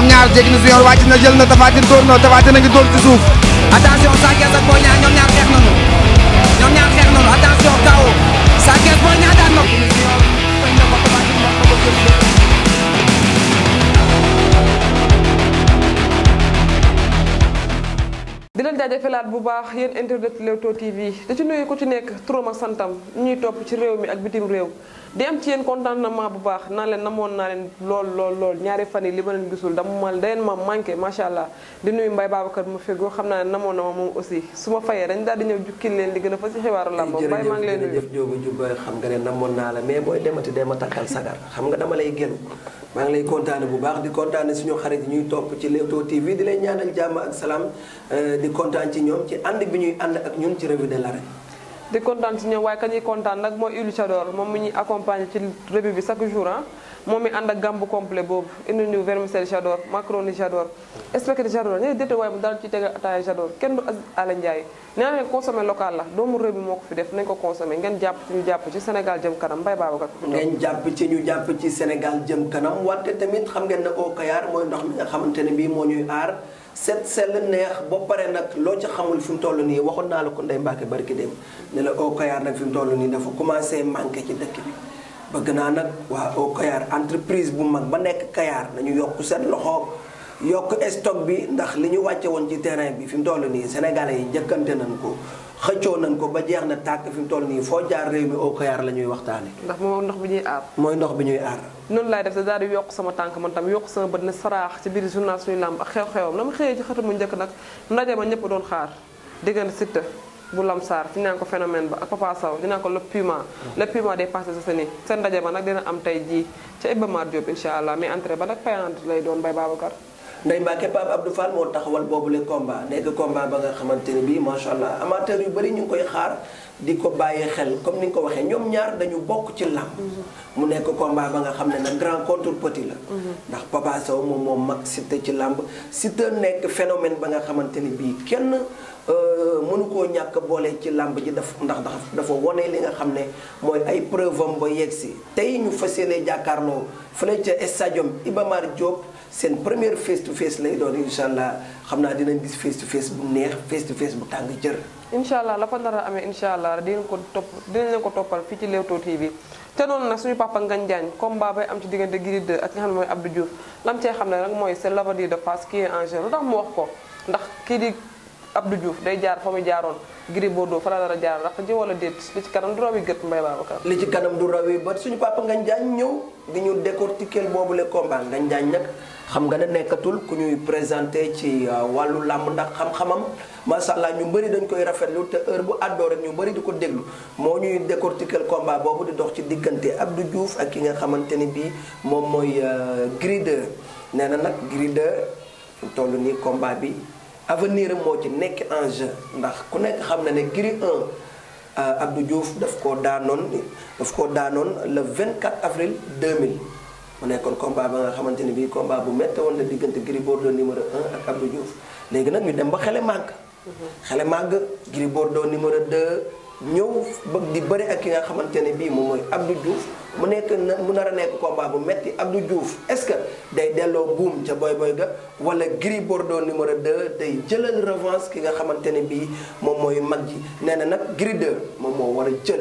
ñoom ñaar jéggi na su yor wàcc na jël na Tapha Tine dóor na Tapha bu baax yéen internet Leewtoo TV da ci nuyu ku ci nekk turam ak santam ñuy topp ci réew mi ak bitim réew di am ci yéen contentement bu baax naa leen namoon naa leen lool lool lool ñaari fan yi li ma leen gisul dama ma daleen ma manqué macha allah di nuyu Mbaye Babacar ma fegoo xam naa ne namoon na ma moom su ma fayee dañ daal di ñëw jukkil leen li gën a fa ci xibaaru làmb Mbaye maa ngi leen nuyu jërëjëf Diop Diop xam nga ne namoon naa la mais booy demati dee ma takkal sagar xam nga dama lay génn maa ngi lay kontaane bu baax di kontaane suñu xarit ñuy topp ci Leewtoo TV di lay ñaanal jàmm ak salaam euh, di kontaan ci ñoom ci ànd bi ñuy ànd ak ñun ci revue de l'arène di kontaan ci ñoom waaye ka ñuy kontaan nag mooy Iluchador moom mu ñuy accompagner ci revue bi chaque jour ah moom mi ànd ak gàmbu complet boobu indi ñu vermicelle Jador macaroni Jador spaghetti Jador ñene déete waaye mu daal ci tegal ataaya Jador kenn du Ala Ndiaye nee na consommé local la doomu réew mi moo ko fi def nañ ko consommé ngeen jàpp ci ñu jàpp ci Sénégal jëm kanam mbay baaba kat ngeen jàpp ci ñu jàpp ci Sénégal jëm kanam wante tamit xam ngeen ne au Kayar mooy ndox mi nga xamante ne bii moo ñuy aar set sell neex ba pare nag loo ci xamul fi mu toll nii waxoon naa la ko Ndeye Mbacke barki dem ne la au Kayar nag fi mu toll nii dafa commencé manqué ci dëkk bi bëgg naa nag waa au Kayar entreprise bu mag ba nekk Kayar nañu yokk seen loxo yokk stock bi ndax li ñu wàcce woon ci terrain bi fi mu toll nii sénégalais yi njëkkante nañ ko xëccoo nañ ko ba jeex na tàkk fi mu toll nii foo jaar réew mi au Kayar la ñuy waxtaanee. ndax ndox bi ñuy mooy ndox bi ñuy aar. noonu laay def sa daal di yokk sama tànk man tam yokk sama bët ne saraax ci biir journal suñu làmb ak xew-xewam la ma xëyee ci xatu mu njëkk nag ndaje ma ñëpp doon xaar diggante Siteu bu Lamsaar ci naan ko phénomène ba ak Papa Sow di ko le puma. le puma day sa seni seen ndaje ma nag dina am tey jii ca Iba Mar Diop incha allah mais entrée lay doon bay Babacar. Ndeye Mbacke Pape Abdou Fall moo taxawal boobule combat nekk combat ba nga xamante ne bii macha allah amateur yu bëri ñu ngi koy xaar di ko bàyyi xel comme ni nga ko waxee ñoom ñaar dañu bokk ci làmb mu nekk combat ba nga xam ne nag grand contre petit la ndax Papa Sow moom moom mag Siteu ci làmb Siteu nekk phénomène ba nga xamante ni bii kenn euh, mënu koo ñàkk boole ci làmb ji daf ndax ndax dafa wone li nga xam ne mooy ay preuve am ba yegg si tey ñu fas yéene jàkkaarloo fële ca stadium Iba Mar seen première face to face lay doon incha allah xam naa dinañ gis face to face bu neex face to face bu tàng jër incha allah la fa nar a amee incha allah dinañ ko topp dinañ leen ko toppal fii ci Leewtoo TV te noonu nag suñu papa Ngagne Diagne combat bay am ci diggante Gris 2 ak ki nga xam ne mooy Abdou Diouf lam cee xam ne rek mooy c'est l'avenir de Fass qui est en lu tax mu wax ko ndax kii di Abdou Diouf day jaar fa mu jaaroon Gris Bordeaux fa la dara jaar rax ji wala déet li ci kanam du raw yi gët li ci kanam du raw yi ba suñu papa Ngagne Diagne ñëw di ñu décortiquer boobu la combat Ngagne Diagne nag xam nga nekkatul ku ñuy présenté ci euh, wàllu làmb ndax xam-xamam macha allah ñu bëri dañ koy rafetlu te heure bu àddoo rek ñu bëri di ko déglu moo ñuy décortiquel komba boobu di dox ci diggante Abdou juuf ak ki nga xamante ni bii moom mooy euh, Gris 2 nee na nag Gris 2 toll nii combat bi avenir am moo ci nekk en jeu ndax ku nekk xam na ne Gris 1 euh, Abdou juuf daf ko daanoon daf koo daanoon le 24 avril deux 2000 mu nekkoon combat ba nga xamante ni bii combat bu métti woon la diggante Gris Bordeaux numéro 1 ak Abdou Diouf léegi nag ñu dem ba xele màgg mhm. xele màgg Gris Bordeaux numéro 2 ñëw bëgg di bëri ak ki nga xamante ne bii moom mooy Abdou Diouf mu nekk mu nar a nekk combat bu metti Abdou Diouf est-ce que day delloo buum ca boy boy ga wala Gris Bordeaux numéro de day jëlal revanche ki nga xamante ne bii moom mooy mag ji nee na nag Gris de moom moo war a jël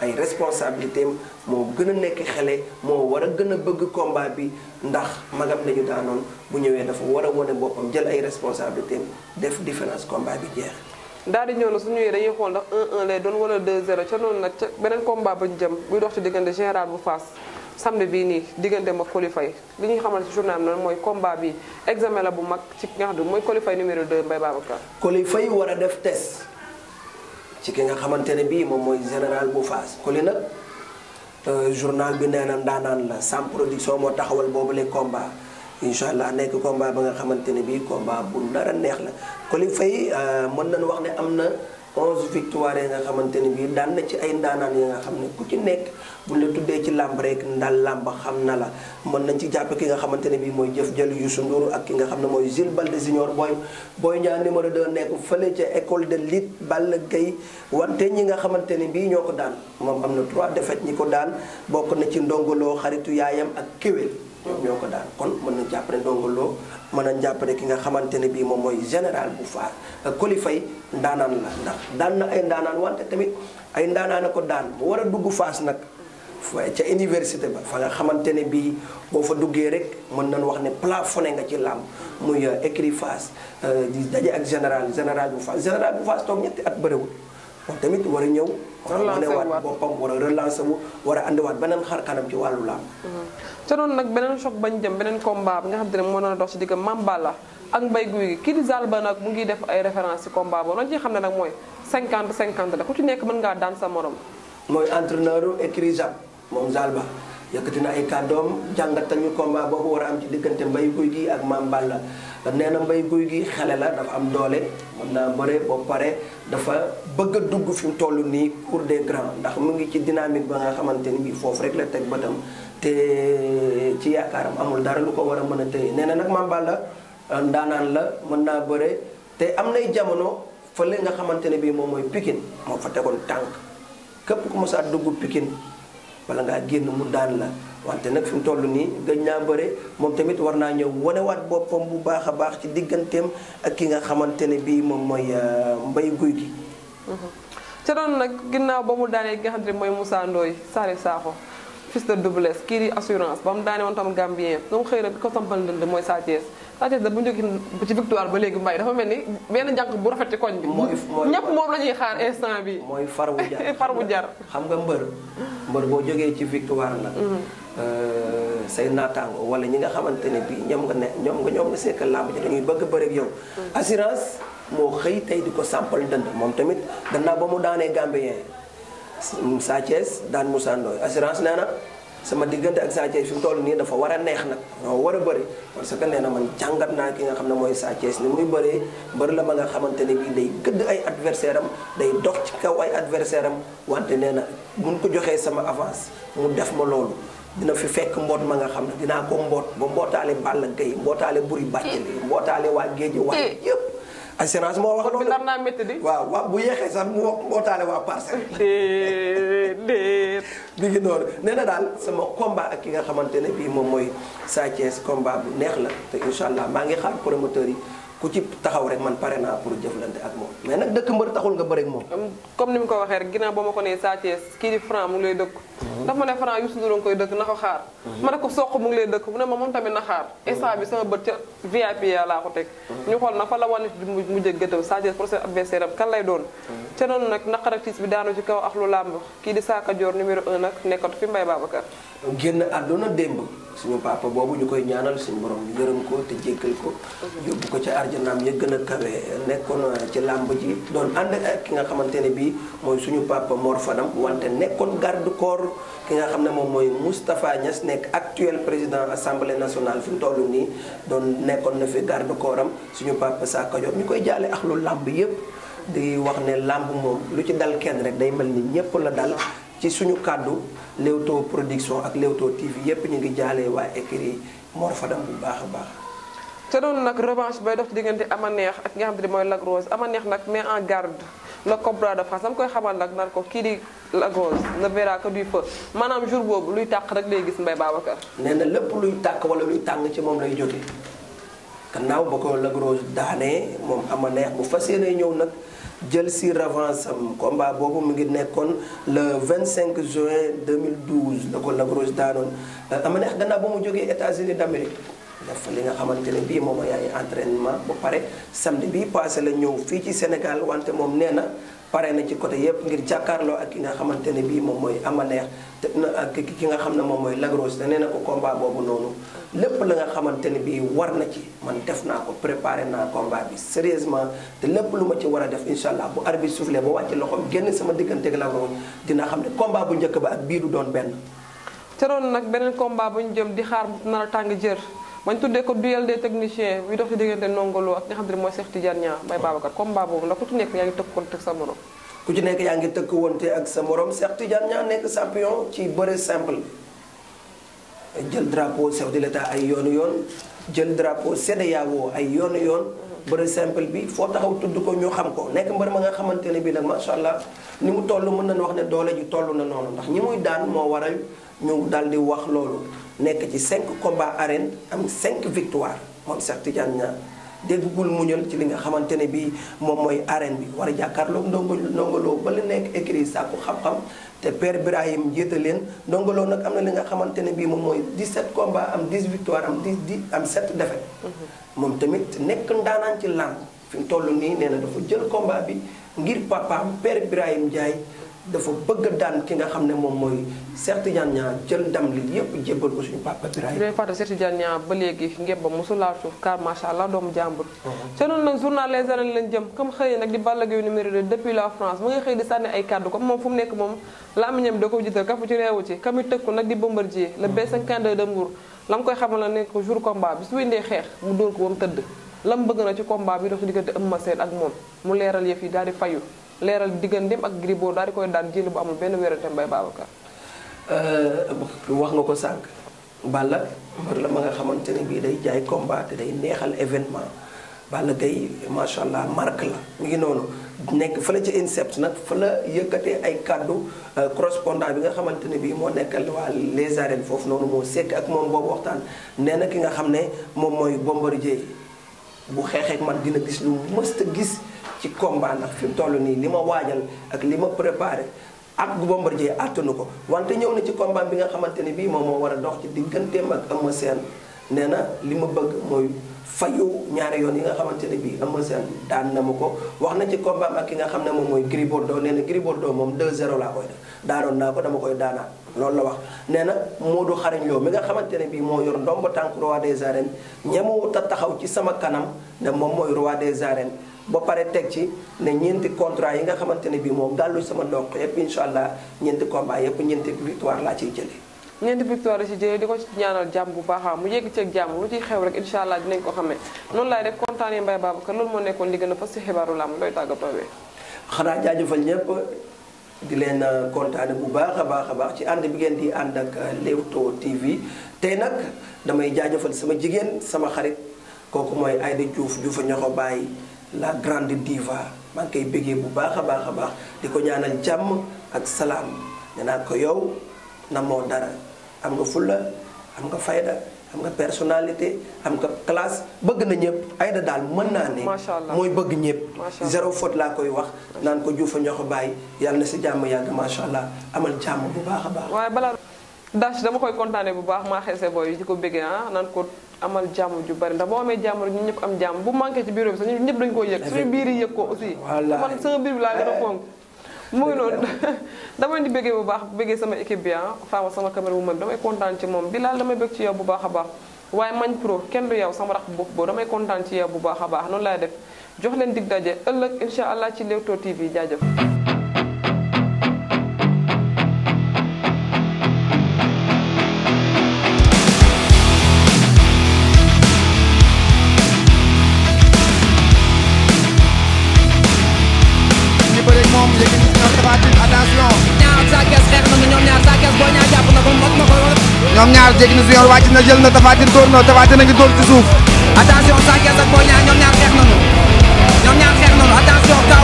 ay responsabilité moo gën a nekk xele moo war a gën a bëgg combat bi ndax magam la ñu daanoon bu ñëwee dafa war a wane boppam jël ay responsabilité def différence combat bi jeex daal di ñëw na suñu dañuy xool ndax 1-1 lay doon wala 2-0 ca noonu nag ca beneen combat bañ jëm buy dox ci diggante général bu Fass samedi bii nii diggante ma qualifié li ñuy xamal ci journal mooy combat bi examen bu mag ci ki nga xam ne mooy qualifié numéro 2 Mbaye Babacar. qualifié war a def test ci ki nga xamante ne bii moom mooy général bu faas Koli nag euh, journal bi nee na ndaanaan la Sam Production moo taxawal boobu les combats. incha allah nekk combat ba nga xamante ne bii combat bu nar a neex la Coly Faye euh, mën nañu wax ne am na 11 victoire yi nga xamante ne bii daan na ci ay ndaanaan yi nga xam ne ku ci nekk buñ la tuddee ci làmb rek ndaal làmb xam na la mën nañ ci jàpp ki nga xamante ne bii mooy jëf jël Youssou Ndour ak ki nga xam ne mooy Jules Balde Junior Boy Boy Niang numéro 2 nekk fële ca école de lutte Balla Gaye wante ñi nga xamante ne bii ñoo ko daan moom am na 3 défaites ñi ko daan bokk na ci ndongoloo xaritu yaayam ak kéwél ñoom ñoo ko daan kon mën nañ jàpp ne Ndongo mën nañ jàpp ki nga xamante ne bii moom mooy général bu faar kolifay euh, Faye ndaanaan la ndax daan na ay ndaanaan wante tamit ay ndaanaan a ko daan bu war a duggu faas nag ca université ba fa nga xamante ne bii boo fa duggee rek mën nañ wax ne plafonné nga ci làmb muy euh, écrit face euh, di daje ak général général bu Fass général bu Fass toog ñetti ak bëriwul tamit war a ñëw. relancer waat war a boppam war a relancer wu war a andiwaat beneen xar kanam ci wàllu laa mm-hmm. ca noonu nag beneen choc bañ jëm beneen combat bi nga xam te ne moo dox ci digg Mambala ak Mbaye Guy gi kii di nag mu ngi def ay référence ci combat boobu loolu xam ne nag mooy cinquante 50 la ku ci nekk mën ngaa daan sa morom. mooy entraîneur écrit Jab moom Zalba yëkkati na ay kàddoom jàngat nañu combat boobu war a am ci diggante Mbaye Guy gi ak Mambala. ndax nee na mbay guy gi xale la dafa am doole mën naa bëre ba pare dafa bëgg dugg fi mu toll nii pour de grands ndax mu ngi ci dynamique ba nga xamante ni bii foofu rek la teg bëtam te ci yaakaaram amul dara lu ko war a mën a téye nee na nag Mame Balla euh, ndaanaan la mën naa bëre te am nay jamono fële nga xamante ne bii moom mooy Pikine moo fa tegoon tànk képp ku mosaat a dugg Pikine wala ngaa génn mu daan la. wante nag fi mu toll nii gëj naa bëre moom tamit war naa ñëw wanewaat boppam bu baax a baax ci digganteem ak ki nga xamante ne bii moom mooy euh, mbay guy gi. ca doon nag ginnaaw ba mu daanee ki nga xamante mooy Moussa Ndoye Salif Sakho fils de Double kii di assurance ba mu daane woon tam Gambien ba mu xëy na ko sampal ndënd mooy Sa Thiès Sathies da bu ñu jógee bu ci victoire ba léegi mbay dafa mel ni benn jànq bu rafet ci koñ bi. mooy ñëpp moom la ñuy xaar instant bi mooy far wu jar xam nga mbër mbër boo jógee ci victoire la. Mm-hmm. Euh, say naataango wala ñi nga xamante ne bii ñoom nga ne ñoom nga ñoom nga sekkal làmb ji dañuy bëgg bëri ak yow. Mm-hmm. assurance moo xëy tey di ko sampal dënd moom tamit danaa ba mu daanee Gambien Sathies daan Moussa assurance nee sama diggante ak Sa Thiès fi mu toll nii dafa war a neex nag moo war a bëri parce que nee na man jàngat naa ki nga xam ne mooy Sa Thiès ni muy bëree bëri la ma nga xamante ne bii day gëdd ay adversaire am day dox ci kaw ay adversaire am wante nee na buñ ko joxee sama avance mu def ma loolu dina fi fekk mboot ma nga xam ne dinaa ko mboot ba mbootaale Balla Gaye mbootaale Buri Bàccali mbootaale waa Géejawaay eh, yëpp assurance moo wax loolu nar naa métti di waaw waaw bu yeexee sax mu moo taale waa parcelle déedéet bi ngi noonu nee na daal sama combat ak ki nga xamante ne bii moom mooy Sa Thiès combat bu neex la te incha allah maa ngi xaar promoteur yi ku ci taxaw rek man pare naa pour jëflante ak moom mais nag dëkk mbër taxul nga bëri ak moom. comme ni mu ko waxee rek ginnaaw ba ma ko Sa Thiès kii di Franc mu ngi lay dëkk. Mhm. na ko xaar. Mhm. ma ne mu ngi lay dëkk mu ne ma moom na xaar. Mhm. instant bi sama bët ca VIP yaa laa ko teg. ñu xool na fa la wane mu mujj gëtëm Sa Thiès procès adversaire am lay doon. ca noonu nag naqar ak bi daanu ci kaw ak lu làmb kii di Sa Cadior numéro 1 nag nekkat fi Mbaye Babacar. génn àdduna démb. suñu papa boobu ñu koy ñaanal suñu borom yërëm ko te jéggal ko yóbbu ko ca arjanaam ya gën a kawe nekkoon ci làmb ji doon ànd ak ki nga xamante ne bii mooy suñu papa Mor Fadam wante nekkoon garde ki nga xam ne moom mooy Moustapha Niass nekk actuel président assemblée nationale fi mu toll nii doon nekkoon na fi garde corps am suñu papa Sakho Diop ñu koy jaalee ak lu làmb yëpp di wax ne làmb moom lu ci dal kenn rek day mel ni ñëpp la dal ci suñu kàddu Leewtoo production ak Leewtoo TV yépp ñu ngi jaalee waa écurie Mor Fadam bu baax a baax te doon nag revanche bay dox ci am a neex ak nga xam te ne mooy Lac Rose ama neex nag met en garde le cobra de France dama koy xamal nag naan ko kii di Lac Rose ne verra que du feu maanaam jour boobu luy tàq rek lay gis Mbaye Babacar. nee na lépp luy tàkk wala luy tàng ci moom lay jóge gannaaw ba ko Lac Rose daanee moom ama neex bu fa yéene ñëw nag. jël si revanche am combat boobu mu ngi nekkoon le 25 juin 2012 la ko Lac Rose daanoon euh, ama neex gannaaw ba mu jógee États-Unis d'Amérique dafa li nga xamante ne bii moom mooy ay entraînement ba pare samedi bi passé la ñëw fii ci Sénégal wante moom nee na pare na ci côté yëpp ngir jàkkaarloo ak ki nga xamante ne bii moom mooy ama neex te ak ki nga xam ne moom mooy lagros te nee na ko combat boobu noonu lépp la nga xamante ne bii war na ci man def naa ko préparé naa combat bi sérieusement te lépp lu ma ci war a def incha allah bu arbitre soufflé ba wàcc loxoom génn sama diggante ak lagros dina xam ne combat bu njëkk ba ak bii du doon benn. te doon nag beneen combat bu ñu jëm di xaar na a tàng jër. bañ tuddee ko duel des techniciens bi dox ci diggante Ndongo Lo ak nga xam ne mooy Cheikh Tidiane Niang Mbaye Babacar combat boobu ndax ku ci nekk yaa ngi tëkk konte ak sa morom ku ci nekk yaa ngi tëkk wonte ak sa morom Cheikh Tidiane Niang nekk champion ci bëre simple jël drapeau chef de ay yoonu yoon jël drapeau CEDEAO ay yoonu yoon bëre simple bi foo taxaw tudd ko ñu xam ko nekk mbër ma nga xamante ne bii nag macha allah ni mu toll mën nañu wax ne doole ji toll na noonu ndax ñi muy daan moo waral ñu daal di wax loolu nekk ci 5 combats arène am 5 victoire moom Cheikh Tidiane Niang déggugul muñal ci li nga xamante ne bii moom mooy arène bi war a jàkkaarloog ndongo ndongoloo ba la nekk écrit sàkku xam-xam te père Birahim jiite leen ndongoloo nag am na li nga xamante ne bii moom mooy 17 combats am 10 victoire am 10 10 am 7 défaites. Mhm. moom tamit nekk ndaanaan ci làmb fi mu toll nii nee na dafa jël komba bi ngir papaam per Birahim Ndiaye. dafa bëgg daan ki nga xam ne moom mooy Cheikh Tidiane Niang jël ndam li yépp jébbal ko suñu papa Birahim. jërëjëf Fatou Cheikh Tidiane Niang ba léegi ngébbam mosul laal suuf car macha doomu jàmbur. Uh-huh. ca noonu nag journal les arènes lañ jëm comme xëy nag di Balla Gaye numéro 2 depuis la France mu ngi xëy di sànni ay kàddu comme moom fu mu nekk moom làmmiñam da ko jiital kafu ci réewu ci kami tëkku nag di Bombardier le uh-huh. b la mu koy xamal la su indee xeex mu dóor ko lam bëgg na ci combat bi dox ci ak moom mu leeral yëf yi daal di fayu leeral digganteem ak Gris Bordeaux daal di koy daan jël bu amul benn wéranteem Mbaye Babacar. Euh, wax nga ko sànq. Balla mbër la ma nga xamante ne bii day jaay combat te day neexal événement Balla Gaye macha allah marque la mu ngi noonu nekk fa la ca INSEP nag fa la yëkkatee ay kàddu euh, correspondant bi nga xamante ne bii moo nekkal waa les arènes foofu noonu moo sekk ak moom boobu waxtaan nee nag ki nga xam ne moom mooy Bombardier bu xeexeek man dina gis lu mësta gis. ci combat ndax fi mu toll nii li ma waajal ak li ma préparé ak bu Bombardier àttanu ko wante ñëw na ci combat bi nga xamante ne bii moom moo war a dox ci digganteem ak Eumeu Sène nee na li ma bëgg mooy fayu ñaari yoon yi nga xamante ne bii Eumeu Sène daan na ma ko wax na ci combat ak ki nga xam ne moom mooy Gris Bordeaux nee na Gris Bordeaux moom 2-0 laa koy naa ko dama koy daanaat loolu la wax nee na Modou Xarañ Lo mi nga xamante ne bii moo yor ndomba tànk roi des arènes ñemewut a taxaw ci sama kanam ne moom mooy roi des arènes ba pare teg ci ne ñeenti contrat yi nga xamante ne bii moo gàllu sama ndonk yëpp incha allah ñeenti combat yëpp ñeenti victoire laa ci jëlee. ñeenti victoire la ci jëlee di ko ci ñaanal jàmm bu baax mu yegg ceeg jàmm lu ciy xew rek incha allah dinañ ko xamee noonu laay def kontaanee Mbaye Babacar loolu moo nekkoon li gën a fas ci xibaaru làmb xanaa jaajëfal ñëpp di leen kontaane bu baax a baax a baax ci ànd bi ngeen di ànd ak Leewtoo TV tey nag damay jaajëfal sama jigéen sama xarit kooku mooy Aïda Diouf Diouf ñoxo bàyyi la grande diva maa ngi koy bégee bu baax a baax a baax di ko ñaanal jàmm ak salaam nee naa ko yow na moo dara am nga fulla am nga fayda am nga personnalité am nga classe bëgg na ñëpp Aida daal mën naa ne mooy bëgg ñëpp zéro faute laa koy wax naan ko juufa ñoo ko bàyyi yàlla na si jàmm yàgg macha allah amal jàmm bu baax a baax waaye balaa dash dama koy kontaane bu baax maa xeese booy di ko béggee ah naan ko amal jàmm ju bari ndax boo amee jàmm rek ñun ñëpp am jàmm bu manqué ci bureau bi sax ñun ñëpp dañu ko yëg suñu biir yëg ko aussi man sama biir bi laa damay di béggee bu baax béggee sama équipe bi ah sama caméra bu mën damay kontaan ci moom Bilal damay bég ci yow bu baax a baax waaye Magne Pro kenn du yow sama rax bopp boo damay kontaan ci yow bu baax a baax noonu laay def jox leen dig daje ëllëg incha allah ci Leewtoo TV jaajëf ñoom ñaar jéggi ni junior wàcc na jël na Tapha Tine dóor na Tapha Tine a ngi dóor ñoom ñaar xeex nañu ñoom ñaar xeex nañu attention kaw